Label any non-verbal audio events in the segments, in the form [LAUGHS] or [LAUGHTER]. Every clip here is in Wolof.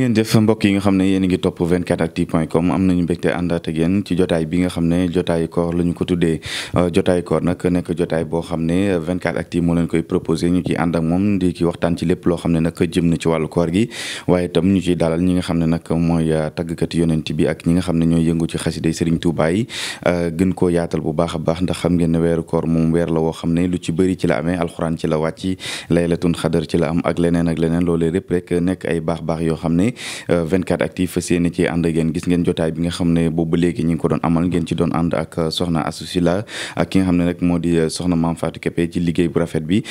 ngeen jëf mbokk yi nga xam ne yéen a ngi topp 24actu point com am nañu mbégte àndaat ak yéen ci jotaay bi nga xam ne jotaayu koor la ñu ko euh, boo xam ne 24actu koy proposé ñu ciy ànd ak moom di waxtaan ci lépp loo xam ne nag jëm na ci wàllu koor gi waaye itam ñu ciy dalal nga xam ne nag mooy euh, tàggkat yonent bi ak ñi nga xam ne ñoo yëngu ci xaside Serigne Touba yi euh, gën ko yaatal bu baax a baax ndax xam ngeen ne weeru koor moom weer la woo xam ne lu ci bëri ci la amee alxuraan ci la wàcc laylatun xadar ci la am ak leneen ak leneen loolee répp rek nekk ay baax baax yoo xam ne ne 24 euh, actu fas yéene ci ànd ak gis ngeen jotaay bi nga xam ne boobu ba léegi ñi ngi ko doon amal ngeen ci doon ànd ak euh, soxna Assousila ak ki nga xam ne rek moo di euh, soxna Maam Fatou Kébé ci liggéey bu rafet bi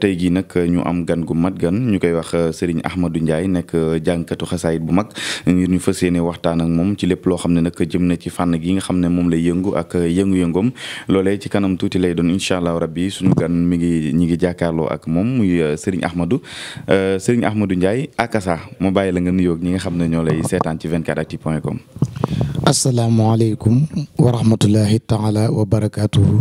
tey jii nag ñu am gan gu mat gan ñu koy wax Serigne Ahmadou Ndiaye nekk jàngkatu xasaayit bu mag ngir ñu fas yéene waxtaan ak moom ci lépp loo xam ne nag jëm na ci fànn gi nga xam ne moom lay yëngu ak yëngu-yëngoom loolee ci kanam tuuti lay doon incha allah rabbi suñu gan mi ngi ñi ngi jàkkaarloo ak moom muy Serigne Ahmadou Serigne Ahmadou Ndiaye akasa mu bàyyi la nga nuyoo ñi nga xam ne ñoo lay seetaan ci 24actu point com. asalaamaaleykum wa rahmatulahi taala wa barakaatuhu.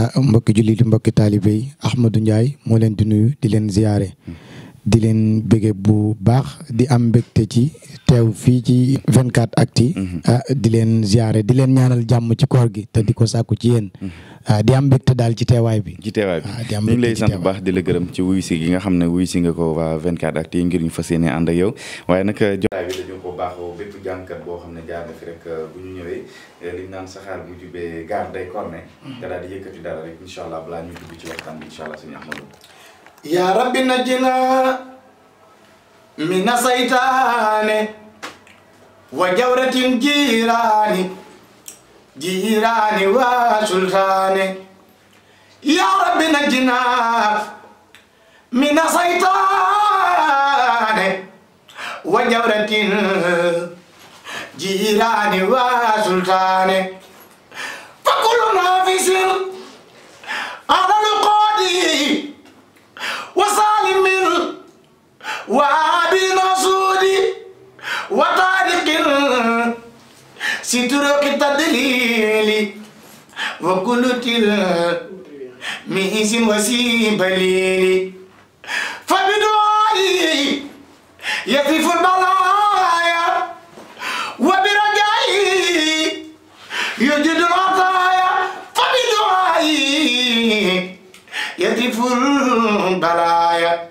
ah mbokki jullit mbokki taalibe yi Ahmadou Ndiaye moo leen di nuyu di leen ziyaare. di leen bëggee bu baax di am mbégte ci teew fii ci 24 actu mhm. ah di leen ziare di leen ñaanal jàmm ci koor gi te di ko sàkku ci yen mhm. ah, di am mbégte daal ci teewaay bi ci teewaay bi ah, lay sant bu baax di la gërëm ci wuyu si gi nga xam ne wuyu si nga ko waa 24 actu yi ngir ñu fas yéene ànd yow waaye nag euh, jotaay bi dañu ko baaxoo bépp jàngkat boo xam ne jaar na fi rek euh, bu ñu ñëwee euh, li ñu naan saxaar bu mm. nga daal di yëkkati dara rek incha allah balaa ñu dugg ci waxtaan يا رب نجنا من الشيطان وجورة الجيران جيران وسلطان يا رب نجنا من الشيطان وجورة الجيران وسلطان فكل نافس كلا مئس وسيب ليلي فبدعائي يطيف البلايا وبرجائي يجد العطايا فبدعائي يطيف البلايا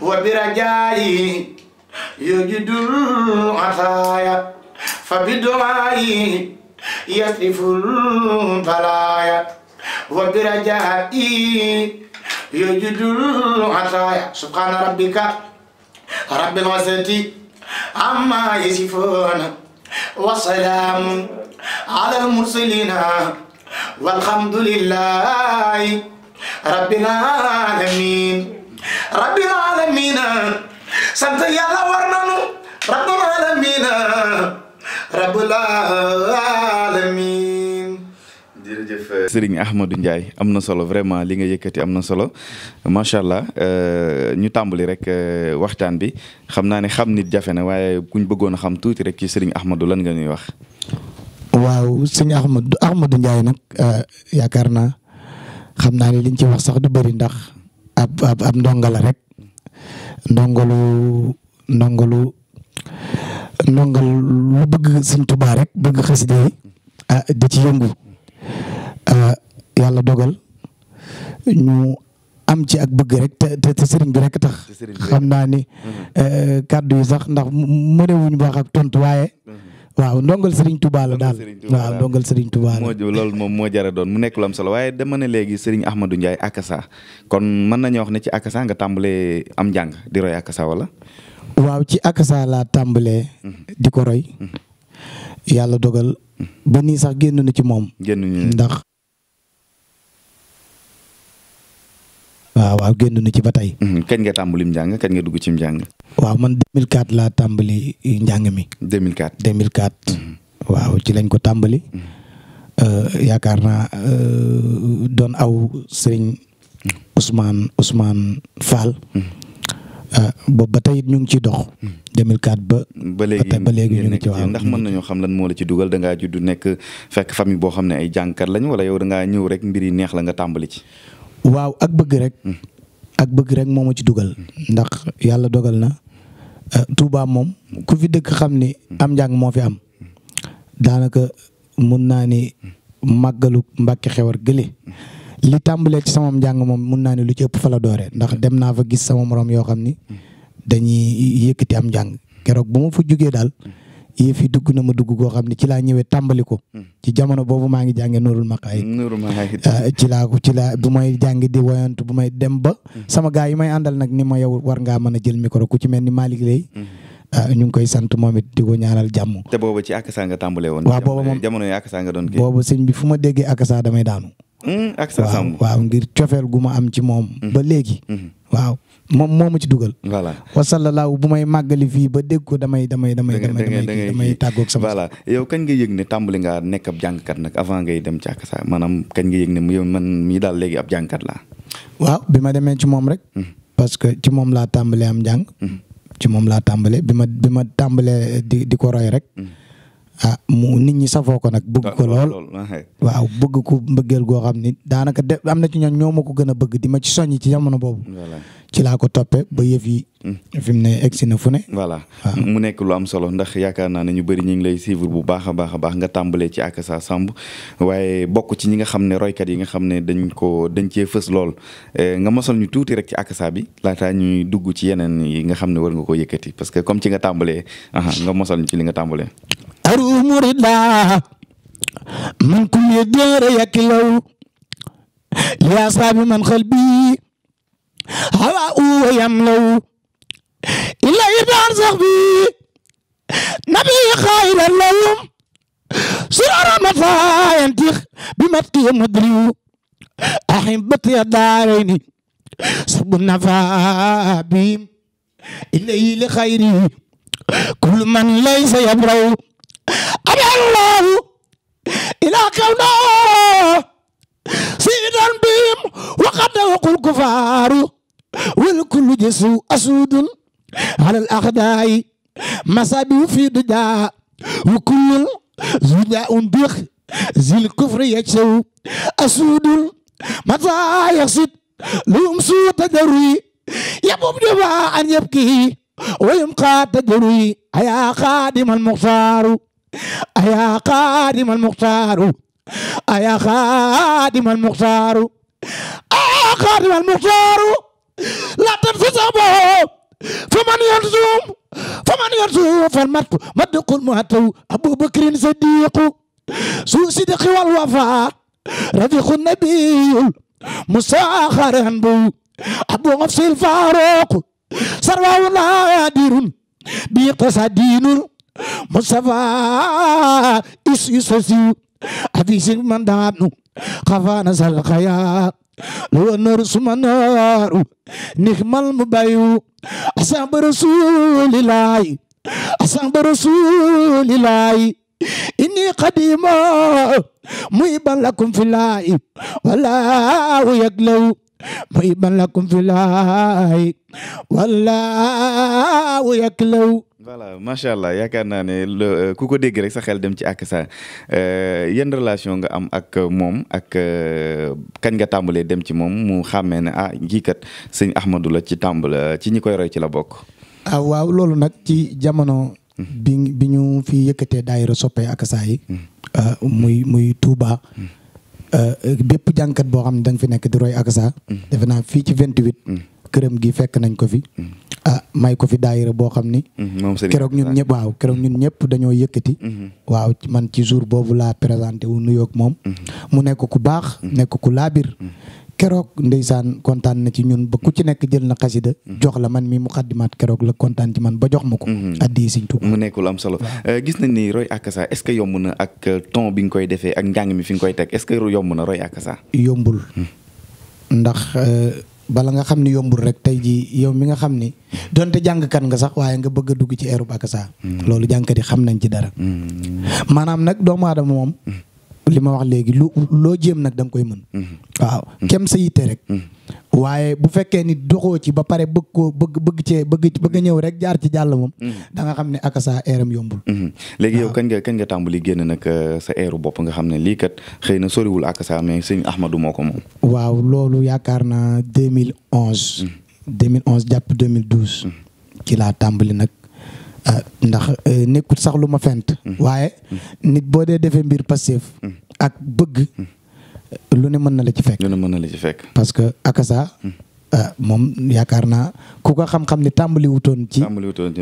وبرجائي يجد العطايا فبدعائي يصرف البلايا وبرجائي يجد العطايا سبحان ربك رب العزة عما يصفون وسلام على المرسلين والحمد لله رب العالمين رب العالمين sant yàlla war nañu rabbul alamin rabbul alamin Serigne Ahmadou Ndiaye am na solo vraiment li nga yëkkati am na solo macha allah euh, ñu tàmbali rek euh, waxtaan bi xam naa ne xam nit jafe na waaye kuñ bëggoon a xam tuuti rek ci Serigne Ahmadou lan nuy ñuy wax. waaw Serigne Ahmadou Ahmadou Ndiaye nag euh, yaakaar naa xam naa ne liñ ci wax sax du bëri ndax ab ab la rek ndongolu ndongolu bëgg Serigne Touba rek bëgg xasida yi ah, yëngu. Euh, yàlla dogal ñu am ci ak bëgg rek te te sëriñ bi rek tax. xam naa ni mm-hmm. euh, kàddu yi sax ndax mu mënewuñu baax ak tontu waaye. Mm-hmm. waaw ndongal Serigne Touba la daal waaw ndongal Serigne Touba la. moom moo jara doon mu nekk lu am solo waaye dama ne léegi Serigne Ahmadou Ndiaye akasa kon mën nañoo wax ne ci akasa nga tàmbalee am njàng di roy akasa wala. waaw ci akasa laa tàmbalee. Mm-hmm. di ko roy. yàlla dogal. ba nii sax génn na ci moom. génn ndax. waaw waaw génn na ci ba tey. Mhm, kañ nga tàmbali njàng kañ nga dugg ci njàng. waaw man 2004 laa tàmbali njàng mi. 2004 2004. Mhm. waaw ci lañ ko tàmbali. Mhm. Euh, yaakaar naa euh, doon aw sëriñ Ousmane Ousmane Fall. Euh, boobu ba tey ñu ngi ciy dox. 2004 ba. ba léegi ba léegi ñu ngi ci waaw ndax mën nañoo xam lan moo la ci dugal da ngaa judd nekk fekk famille boo xam ne ay jàngkat lañ wala yow da ñëw rek mbir yi neex la nga tàmbali ci. waaw ak bëgg rek. Hmm. ak bëgg rek moo ma ci dugal. Hmm. ndax yàlla dogal na euh, Touba moom ku fi dëkk xam ni hmm. am njàng moo fi am daanaka mun naa ni màggalu Mbàkke Xewar gële li tàmbalee ci sama njàng moom mun naa ni lu ci ëpp fa la ndax dem naa fa gis sama morom yoo xam ni dañuy yëkkati am njàng keroog ba ma fa jugee daal. yëf yi dugg na ma dugg goo xam ne ci laa ñëwee tàmbali ko. Hmm. ci jamono boobu maa ngi jàngee Noorul Maqaayid. Hmm, Noorul ah, ci laa ci laa bu may jàng di woyantu bu may dem ba. Hmm. sama gaa yi may àndal nag ni ma yow war nga mën a jël micro ku ci mel ni Malick Lay. Ah, ñu ngi koy sant moom it di ko ñaanal jàmm. te boobu ci akasa nga tàmbalee woon. waaw boobu moom jamono yi akasa nga doon kii. boobu sëñ bi fu ma déggee akasa damay daanu. akasa sàmm waaw ngir cofeel gu ma am ci moom. ba léegi. waaw moom moo ma ci dugal. voilà wasallalaahu bu may màggali fii ba dégg ko damay damay damay. damay damay damay tàggoog sama. voilà yow kañ nga yëg ne tàmbali nekk ab jàngkat nag avant ngay dem ci sax maanaam kañ nga yëg ne yow man mii daal léegi ab jàngkat laa. waaw bi ma demee ci moom rek. Hmm. parce que ci moom laa tàmbalee am jàng. Hmm. ci moom laa tàmbalee bi ma bi ma tàmbalee di di ko roy rek. Hmm. ah mu nit ñi safoo ko nag bëgg ko lool ah, waaw bëgg ko mbëggeel goo xam ni daanaka de am na ci ñoom ñoo ma ko gën a bëgg di ma ci soññ ci jamono boobu ci laa ko toppe ba yëf yi hmm. fi mu ne egsi na fu ne voilà mu nekk lu am solo ndax yaakaar naa ne ñu bëri ñu ngi lay suivre bu baax a baax a baax nga tàmbalee ci Akassa Samb waaye bokk ci ñi nga xam ne roykat yi nga xam ne dañ ko dañ cee fës lool eh, nga mosal ñu tuuti rek ci Akassa bi laataa ñuy dugg ci yeneen yi nga xam ne war nga ko yëkkati parce que comme ci nga tàmbalee nga mosal ñu li nga tàmbalee haru murid laa man kulli dara yakilaw yaa saabi man xalbi hawa uwa yamlaw ilay daan sax bi nabi xayra lawum surara ma faayantix bi matqiya madriw ahibati ya daarayni subu nafa bihim ilay li xayri kullu man laysa yabraw أدعى الله إلى كونه سيدا بهم وقد وقوا الكفار والكل جسو أسود على الأخداع مسابيو في دجا وكل زداء بخ ذي الكفر يجسو أسود متى يقصد لهم سوء تدري يبوب جبا أن يبكي ويمقى تدري أيا خادم المختار ayaa xaadimal muxtaaru ayaa xaadimal muxtaaru ayaa xaadimal muxtaaru laa tansa saboo fa man yansuum fa man yansuum fal matu madqul mu'taw abubakrin sadiqu su sidqi wal wafaa rafiqu nabiyul musaaxaran bu abu hafsil faaruq sarwa laa dirun bi iqtasa diinul مصطفى إس يسوسيو حديث من دابنو خفانا سلقيا لو النور ثم النار نخم المبايو أصحاب رسول الله أصحاب رسول الله إني قديما ميبا لكم في الله ولا يقلو ميبا لكم في الله ولا يقلو voilà macha allah yaakaar naa ne euh, ku ko dégg rek sa xel dem ci ak sa euh, yan relation nga am ak euh, moom ak kañ nga tàmbalee dem ci moom mu xàmmee ne ah kii kat sëñ Ahmadou la ci tàmbal ci ñi koy roy ci la bokk. ah waaw loolu nag ci jamono. Hmm. bi bi ñu fi yëkkatee daayira soppe ak saa yi. Hmm. muy muy Touba. Hmm. bépp jànkat boo xam ne da fi nekk di roy ak saa. defe naa fii ci vingt 28. këram gi fekk nañ ko fi. Mm. ah may ko fi daayira boo xam ni. Mm, keroog ñun ñëpp waaw keroog ñun ñëpp dañoo yëkkati. Mm-hmm. waaw man ci jour boobu laa présenté wu nuyoog moom. Mm-hmm. mu nekk ku baax. Mm-hmm. nekk ku laabir. keroog ndeysaan kontaan na ci ñun ba ku ci nekk jël na xasida jox la man mi mu xaddimaat keroog la kontaan ci man ba jox ma ko addi Sëñ Tuubaa mu nekk am solo eh, gis nañ ni roy akasa est-ce que yomb na ak euh, ton bi nga koy defee ak njàng mi fi nga koy teg est-ce que yomb na roy akasa yombul hmm. ndax euh, bala nga xam ni yombul rek tey jii yow mi nga xam ni donte jàngkat nga sax waaye nga bëgg a dugg ci eerub sax mm. loolu jàngkat yi xam nañ ci dara. Mm. maanaam nag doomu aadama moom. Mm. li ma wax léegi lu loo jéem nag da koy mën. waaw kem sa yitte rek. waaye bu fekkee nit doxoo ci ba pare bëgg koo bëgg bëgg cee bëgg bëgg ñëw rek jaar ci jàll moom. Mm-hmm. danga xam ne ak sa eeram yombul. Mm-hmm. léegi yow ah. kañ nga kañ nga tàmbali génn nag euh, sa eeru bopp nga xam ne lii kat xëy na soriwul ak sa mais sëñ Ahmadou moo ko moom. waaw loolu yaakaar naa 2011. 2011 mm-hmm. jàpp 2012. ci laa tàmbali nag. Euh, ndax euh, nekkul sax lu ma fent. waaye nit boo dee defee mbir passif. ak bëgg. lu ne mën na la ci fekk. lu ne la ci fekk. parce que akasa. Hmm. Euh, moom yaakaar naa ku ko xam-xam ne tàmbali wutoon ci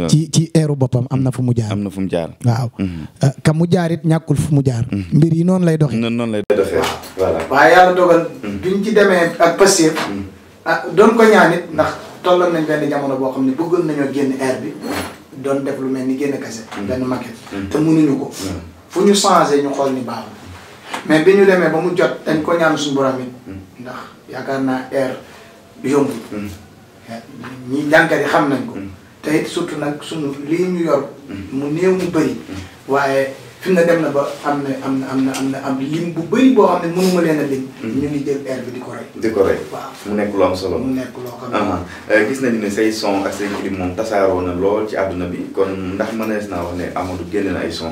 ci ci boppam am na fu mu jaar am na fu mu jaar waaw hmm. euh, ka mu jaar it ñàkkul fu mu jaar hmm. mbir yi noonu lay doxee noonu lay doxee voilà waaye yàlla dogal biñ ci demee ak passif ah doon ko ñaan ndax tolloon nañ benn jamono boo xam ne bëggoon nañoo génn air bi doon def lu mel ni génn kase benn maquette te mënuñu ko fu ñu changé ñu xool ni baaxul mais bi ñu demee ba mu jot dañ ko ñaan suñu borom it hmm. ndax yaakaar naa air yomb hmm. eh, ñi jànkat yi xam nañ ko hmm. te it surtout nag suñu lii ñu yor mu néew mu bëri waaye fi mu ne dem na ba am na am na am na am na am lim bu bëri boo xam ne mënuma leen a lim ñu ngi jël air bi di ko rey di ko rey waaw mu nekk lu am solo mu nekk loo xam ne eh, gis nañu ne say son ak say clip moom tasaaroo na lool ci àdduna bi kon ndax mënees naa wax ne Amadou génne na ay son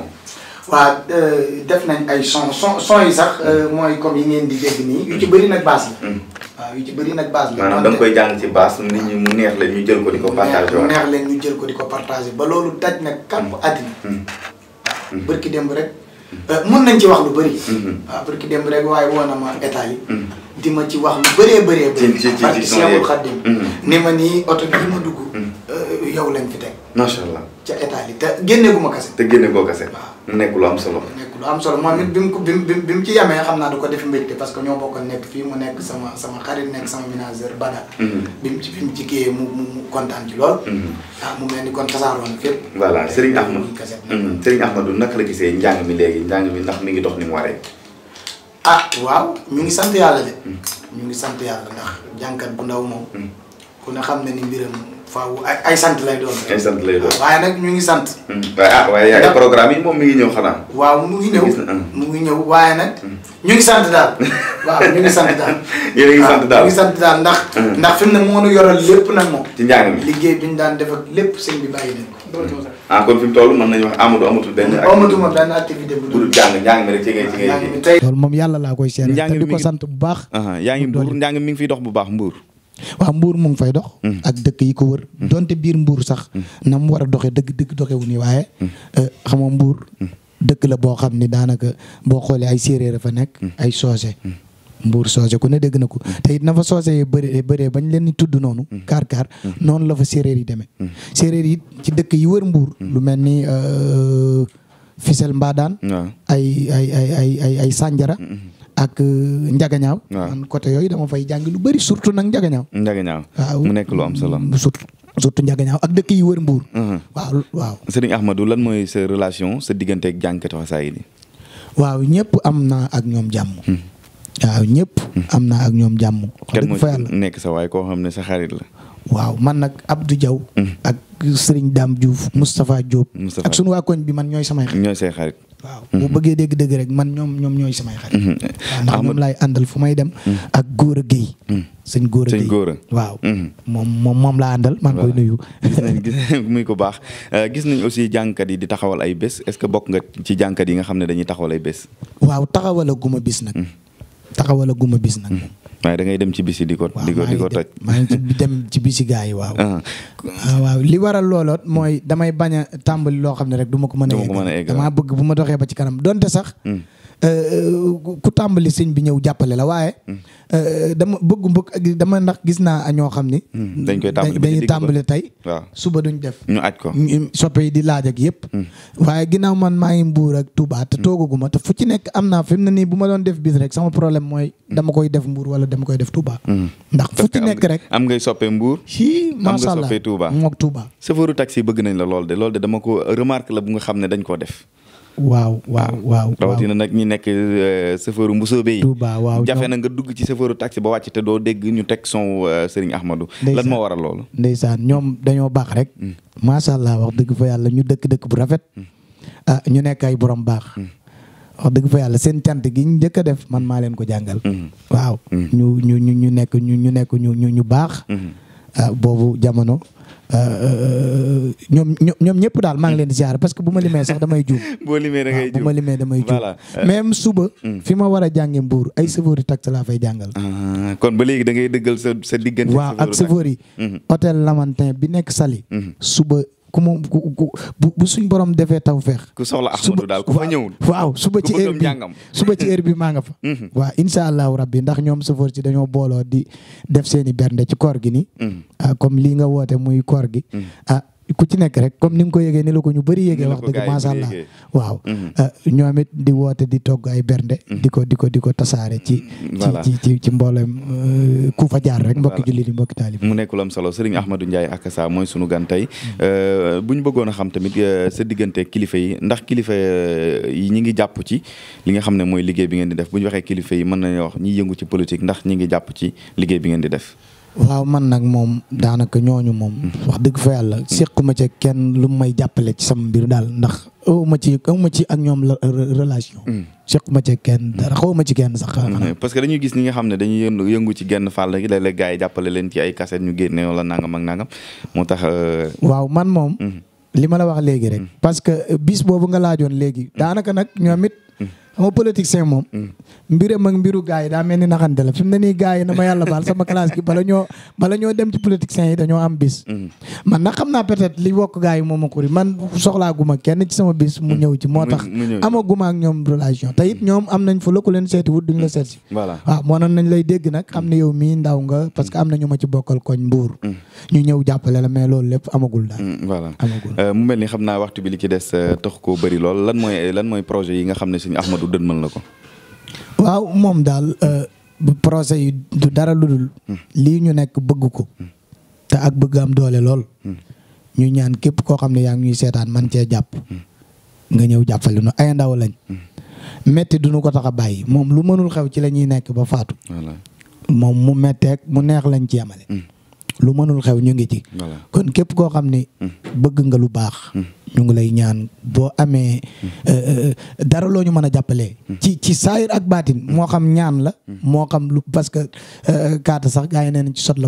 waaw euh, def nañ ay son son son yi sax euh, mooy comme yi ngeen di dégg nii yu ci bëri nag baas yi mm-hmm. waaw yu ci bëri nag baas la. maanaam da koy jàng ci baas nit mu neex leen ñu jël ko di ko. partagé ñu jël ko di ko partagé ba loolu daj nag kàmp mm-hmm. àddina. Mm-hmm. bërki démb rek euh, mun nañ ci wax lu bëri. waaw dem démb rek waaye woo a ma état yi. di ma ci wax lu bëree bëree bëri. ci ci ci ni ma ni oto bi ma dugg. yow lañ fi teg. macha allah ca état yi te génne gu ma kase. te génne goo kase nekk lu am solo. nekk lu am solo moom it bi mu ko bi bi mu ci yemee xam naa du ko def mbégte parce que ñoo bokkoon nekk fii mu nekk sama sama xarit nekk sama ménageur Bada. Mhm. bi mu ci bi mu ci kiiyee mu mu mu kontaan ci lool. Mhm. ah mu mel ni kon tasaaroo na fépp. voilà Serigne Ahmad mhm. Serigne Ahmadou naka la gisee njàng mi léegi njàng mi ndax mi ngi dox ni mu waree. ah waaw ñu ngi sant yàlla de. ñu ngi sant yàlla ndax jànkat bu ndaw moom. ku ne xam na ni mbiram. faaw ay sant lay doon. ay sant lay waaye nag ñu ngi sant. Hmm. ah waaye ay programme moom mi ngi ñëw xanaa. waaw mu ngi ñëw hmm. mu ngi waaye nag. Hmm. ñu ngi sant daal [LAUGHS] [LAUGHS] a ngi sant daal ndax. ndax fi mu ne moo ñu yoral lépp nag moom. ci njàng mi liggéey bi ñu daan def lépp sëñ bi bàyyi leen ko. ah kon fi mu toll mën nañu wax Amadou amatul benn. amatuma benn activité bu dul jàng njàng mi rek ci ngay ci ngay. loolu moom yàlla laa koy seetal. njàng mi te di ko sant bu baax. yaa ngi Mbour njàng mi ngi fiy dox bu baax waaw mbuur mu ngi fay dox mm. ak dëkk yi ko wër mm. donte biir mbuur sax mm. na mu war a doxe dëgg dëgg doxewu ni waaye eh, xamoo mbuur dëkk la boo xam ni daanaka boo xoolee ay séeréer a fa nekk ay soose mbuur soose ku ne dégg na ko te it na fa soose yi bëree bañ leen di tudd noonu kaar kaar noonu la fa séeréer yi demee séeréer yi ci dëkk yi wër mbuur lu mel ni euh, Fissel Mbadaan ay ay ay ay ak euh, njagañaaw man côté yooyu dama fay jàng lu bari surtout nag njagañaaw njagañaaw waaw mu nekk lu am solo mm, surtout surtout njagañaaw ak dëkk yi wër mbuur mm-hmm. waaw waaw Serigne Ahmadou lan mooy sa relation sa diggante ak jàngkati xasaayid yi waaw ñëpp am na ak ñoom jàmm mm. waaw ñëpp mm. am na ak ñoom jàmm kan moo nekk sa waay koo xam ne sa xarit la waaw man nag Abdou jaw mm. ak Serigne Dame Diouf Moustapha Diop. ak sunu waa koñ bi man ñooy samay xarit. ñooy say waaw mm-hmm. bu bëggee dégg dëgg rek man ñoom ñoom ñooy samay xarit. Mm-hmm. ndax ñoom laay àndal fu may dem. Mm-hmm. ak Gora Gueye. sëñ Gora Gueye sëñ Gora. waaw. moom moom moom laa àndal maa koy nuyu. gis [LAUGHS] muy ko baax euh, gis nañ aussi jànkat yi di taxawal ay bés est-ce que bokk nga ci jànkat yi nga xam ne dañuy taxawal ay bés. waaw taxawalaguma bis nag. guma bis nag. waaye da ngay dem ci bisi di ko di ko di ko toj maa ngi dem ci bisi gaa yi waaw ah. Ah, waaw li waral looloot mooy damay bañ a tàmbali loo xam ne rek du ma ko mën a egg damaa bëgg bu ma doxee ba ci kanam donte sax hmm. ku tàmbali sëñ bi ñëw jàppale la waaye. Euh, dama bëgg bëgg dama ndax gis naa ñoo xam ni. Hmm, dañ koy tàmbali dañuy tàmbali tey. waaw suba duñ def. nu aj ko soppe di laaj ak yëpp. Hmm. waaye ginnaaw man maa ngi mbuur ak Touba te hmm. toogaguma te fu ci nekk am naa fi mu ne nii bu ma doon def bis rek sama problème mooy dama koy def mbuur wala dama koy def Touba. ndax fu ci nekk rek. am ngay soppee mbuur. si macha allah am nga soppe Touba. moog Touba. chauffeuru taxi bëgg nañ la lool de lool de dama ko remarque la bu nga xam ne dañ koo def waaw waaw waaw rawatina nag ñi nekk euh, chauffeuru mbusoobe yi Touba waaw jafe na nga dugg ci chauffeuru taxi ba wàcc te doo dégg ñu teg son euh, Serigne Ahmadou lan moo waral loolu ndeysaan ñoom dañoo baax rek hmm. macha allah wax dëgg fa yàlla ñu dëkk-dëkk bu rafet hmm. ah ñu nekk ay borom baax hmm. wax dëgg fa yàlla seen cant gi ñu njëkk a def man maa leen ko jàngal waaw ñu ñu ñu ñu nekk ñu ñu nekk ñu ñu baax ah, boobu jamono Euh, euh, euh, ñoom ñoom ñëpp daal maa ngi leen di ziar parce que bu ma limee sax damay juum. [LAUGHS] boo limee da ngay juum ah, bu ma limee damay juum. même suba. Hmm. fi ma war a jàngee Mbour ay chauffeur yi laa fay jàngal. Ah, kon ba léegi da ngay dëggal sa sa diggante. waaw ak chauffeur yi. Hmm. hôtel Lamantin bi nekk sali hmm. suba. ku mu bu suñ borom defee taw feex ku soxla Ahmadou daal ku fa ñëwul waaw suba ci heure bi suba bi maa nga fa mhm. waaw insha allahu rabbi ndax ñoom sofër si dañoo booloo di def seen i bernde ci koor gi ni mhm. ah, comme lii nga woote muy koor gi mhm. ah ku ci nekk rek comme ni nga ko yëgee ni la ko ñu bëri yëgee wax dëgg masha Allah waaw mhm. euh, ñoom it di woote di togg ay bernde mhm. di ko di ko di ko tasaare ci mhm. ci ci ci mboolem euh, ku fa jaar rek mbokki julli di mbokki taalib mu nekk lu am solo Serigne Ahmadou Ndiaye Akassa mooy sunu gan tey euh, bu ñu bëggoon a xam tamit sa diggante kilifa yi ndax kilifa yi ñi ngi jàpp ci li nga xam ne mooy liggéey bi ngeen di def bu ñu waxee kilifa yi mën nañu wax ñi yëngu ci politique ndax ñi ngi jàpp ci liggéey bi ngeen di def waaw man nag moom daanaka ñooñu moom. Hmm. wax dëgg fa yàlla sequma ca kenn lu may jàppale ci sama mbir daal ndax aw ma ci aw ma ci ak ñoom relation. Hmm. sequma ca kenn hmm. dara xaw ma ci kenn sax. parce que dañuy gis ñi nga xam ne dañuy yëngu ci genn fàll gi léeg-léeg gars yi jàppale leen ci ay kaset ñu génne wala nangam ak nangam moo tax. Euh, waaw man moom. li ma la wax léegi rek. parce que bis boobu nga laajoon léegi. daanaka nag ñoom moo politicien moom. Mm. mbiram ak mbiru gars yi daa mel ni naxante ne nii gars na ma yàlla baal sama classe gi bala ñoo dem ci politicien yi dañoo am bis. Mm. man nag xam naa peut-être li wokk gars yi moom ak man soxlaaguma kenn ci sama bis. mu mm. ñëw ci moo tax. amaguma ak ñoom relation te it ñoom am nañ fa la ku leen seeti wut duñ la seet si. voilà waaw moo nañ lay dégg nag xam ne yow mii ndaw nga parce que am na ñu ma ci bokkal koñ mbuur. ñu ñëw jàppale la mais loolu lépp amagul euh, li ci des euh, tax koo bëri lool yi nga xam dënmal na ko. waaw moom daal euh, projet yi du dara lu dul. Hmm. lii ñu nekk bëgg ko. Hmm. te ak bëgg am doole lool. Hmm. ñu ñaan képp koo xam ne yaa ngi ñuy seetaan man cee jàpp. nga ñëw jàppale nu ay ndaw lañ. metti duñu ko tax a bàyyi moom lu mënul xew ci la nekk ba faatu. moom mu metteeg mu neex lañ ci yemale. lu mënul xew ñu ngi ci. kon képp koo xam ne. bëgg nga lu baax. ñu ngi lay ñaan boo amee mm-hmm. euh, euh, euh, dara loo ñu mën a jàppalee. Mm-hmm. ci ci saayir ak baatin mm-hmm. moo xam ñaan la. moo xam lu parce que kaata sax gaa yi neen ci sot la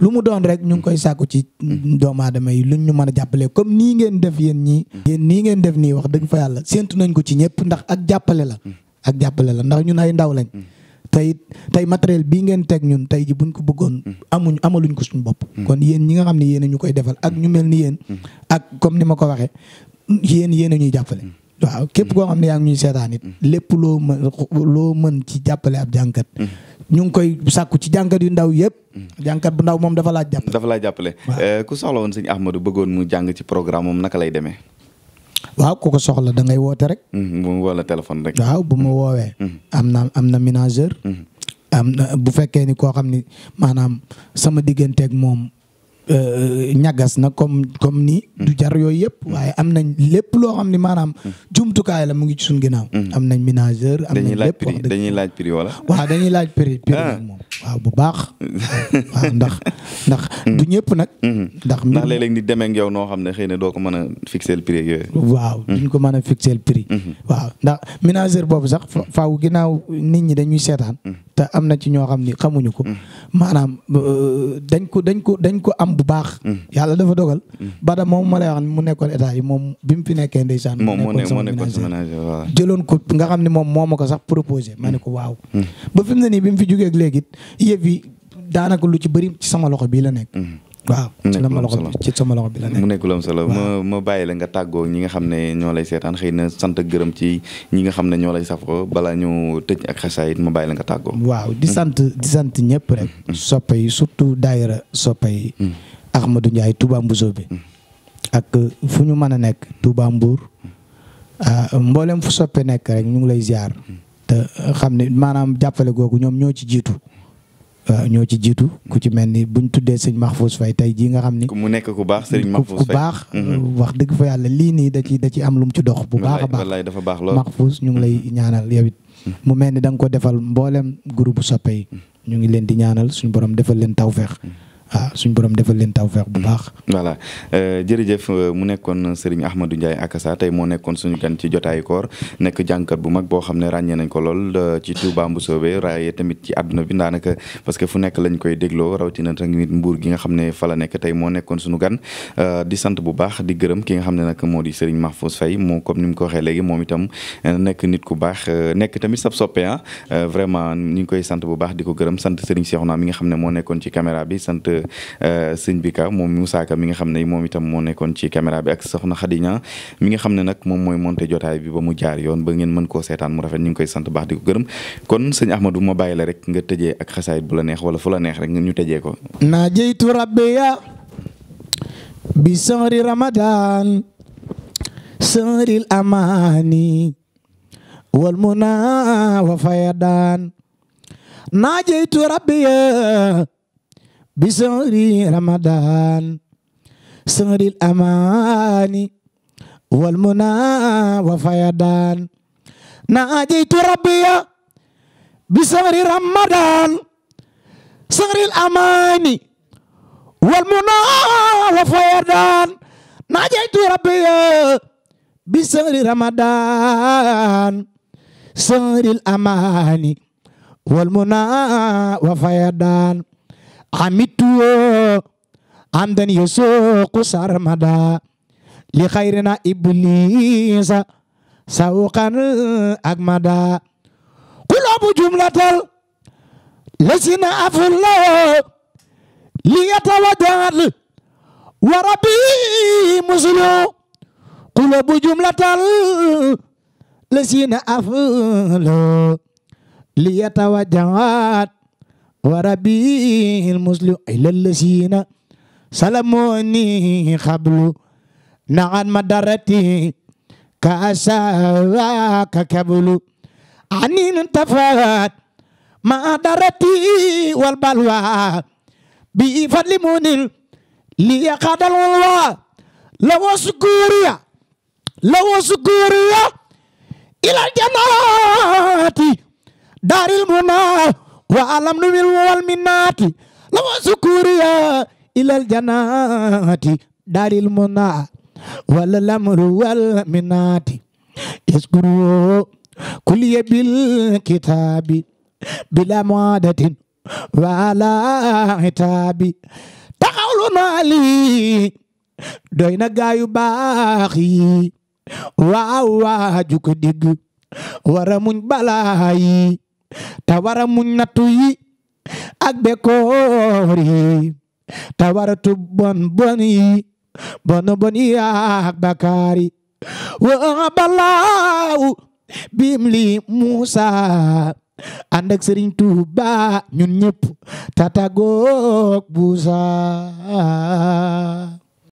lu mu doon rek ñu ngi koy sàkku ci doomu aadama yi luñ ñu mën a jàppalee comme nii ngeen def yéen ñi yéen nii ngeen def nii wax dëgg fa yàlla séntu nañ ko ci ñëpp ndax ak jàppale la. ak jàppale la ndax ñun ay ndaw lañ. tey tey matériel bii ngeen teg ñun tey ji buñ ko bëggoon mm. amuñ amaluñ ko suñu bopp mm. kon yéen ñi nga xam ne yéen ñu koy defal ak ñu mel ni yéen mm. ak comme ni ma ko waxee yéen yéen ñuy jàppale waaw képp koo xam ne yaa ñuy seetaan lépp loo mën loo mën ci jàppale ab jànkat ñu ngi koy sàkku ci jànkat yu ndaw yëpp jànkat bu ndaw moom dafa laaj jàppale dafa laaj jàppale eh, ku soxla woon sëñ Ahmadou bëggoon mu jàng ci programme moom naka lay demee waaw ku ko soxla da ngay woote rek. Mm-hmm, bu téléphone rek. waaw bu ma mm-hmm. woowee. Mm-hmm. am na am na ménageur. am na bu fekkee ni koo xam ni maanaam sama digganteeg moom. Euh, ñagas na comme comme ni mm. du jar yooyu yëpp mm. waaye am nañ lépp loo xam ne maanaam mm. kaay la mu ngi ci suñu ginnaaw am nañ ménageur am nañ lépp dañuy laaj prix wala waaw dañuy laaj prix ah. moom waaw bu baax [LAUGHS] waaw ndax ndax du ñëpp nag mm-hmm. ndax ndax léeg ni demee yow noo xam ne xëy na doo ko mën a fixer prix yooyu waaw ko mën a fixer le mm-hmm. ndax ménageur boobu sax mm-hmm. faaw ginnaaw nit ñi dañuy seetaan te am na ci ñoo xam xamuñu ko maanaam euh, dañ ko dañ ko am du baax. Mm. yàlla dafa dogal. Mm. Bada moom ma lay wax mu nekkoon état yi moom bi mu fi nekkee ndeysaan. moom moo nekkoon sama ménageur jëloon ko nga xam ne moom moo ko sax proposé ma ne ko mm. waaw. ba fi mu ne nii bi mu fi jógee ak léegi yëf yi daanaka lu ci bëri ci sama loxo bii la nekk. waaw ci sama loxo ci sama loxo bi la nekk nekk lu am ma ma bàyyi la nga tàggoo ñi nga xam ne ñoo lay seetaan xëy na sant gërëm ci ñi nga xam ne ñoo lay safoo balaa ñu tëj ak xasaayit ma bàyyi la nga tàggoo waaw di sant di sant ñëpp rek soppe yi surtout daayira soppe Ahmadou Ndiaye Touba Mbousso bi ak fu ñu mën a nekk Touba Mbour ah, mboolem fu soppe nekk rek ñu ngi lay ziar te xam ne maanaam jàppale googu ñoom ñoo ci jiitu ah, ñoo ci jiitu ku ci mel ni buñ tuddee max Mahfouz Faye tey jii nga xam ni. mu nekk ku baax sëñ Mahfouz Faye baax. Mm-hmm. wax dëgg fa yàlla lii nii da ci da ci am lu mu ci dox. bu baax a baax wallaay dafa baax lool Mahfouz ñu ngi lay mm-hmm. ñaanal yow mm-hmm. mu mel ni danga nga ko defal mboolem groupe soppe yi. ñu ngi leen di ñaanal suñu borom defal leen tawfeex waaw ah, suñu borom defal leen tawfeex bu baax. voilà euh, jërëjëf euh, mu nekkoon Serigne Ahmadou Ndiaye Akassa tey moo nekkoon suñu gan ci jotaayu koor nekk jànkat bu mag boo xam ne ràññee nañ ko lool euh, ci Touba Mboussobé raaye tamit ci àdduna bi daanaka parce que fu nekk lañ koy dégloo rawatina tamit mbuur gi nga xam ne fa la nekk tey moo nekkoon suñu gan di sant bu baax di gërëm ki nga xam ne nag moo di max Mahfouz Faye moo comme ni mu ko waxee léegi moom itam nekk nit ku baax nekk tamit sab soppe ah vraiment ñu ngi koy sant bu baax di ko gërëm sant Serigne Cheikhouna mi nga xam ne moo nekkoon ci caméra bi sant Euh, sëñ bi ka moom Moussa Ka mi nga xam ne moom itam moo nekkoon ci caméra bi mi nga ne nag moom mooy monté jotaay bi ba mu jaar yoon ba ngeen mën ko seetaan mu rafet ñu ngi koy sant baax di ko gërëm kon sëñ Ahmadou ma bàyyi la rek nga tëjee ak xasaayit bu la neex wala fu la neex rek ñu tëjee ko naa jeytu rabbiya bi sahri ramadan sahril amani wal muna wa fayadan naa jeytu rabbiya بسهر رمضان سهر الأمان والمنى وفيضان ناجيت ربي بسهر رمضان سهر الأمان والمنى وفيضان ناجيت ربي بسهر رمضان سهر الأمان والمنى وفيضان amittuwoo amdan yasuuqu sarmada li xayrina iblisa sawqan ak mada kulabu jumlatal lasina afulloo li yatawajal wa rabbi muslu kulabu jumlatal lasina afulloo li yatawajal وربي المسلم إلى الذين سلموني قبل نعن مدرتي كأساك كبل عن انتفات مدرتي والبلوى بفضل منل لي قد الولوى لو سكوريا لو سكوريا إلى الجنات دار المنى wa alam nu mil wal minnaati lawa sukuriya ilal janaati daaril munaa wala lamru wal minnaati iskuru kulliya bil kitaabi bila maadatin wa ala hitaabi taxawlu naa li doy na gaayu baax yi waa juk digg wara muñ balaa te wara muñ nattu yi ak bekkoor yi te wara tub bon bon bono bon yi ak bakaar yi wa balaaw biim li Muusa ànd ak Sëriñ Tuuba ñun ñëpp tatagook buusa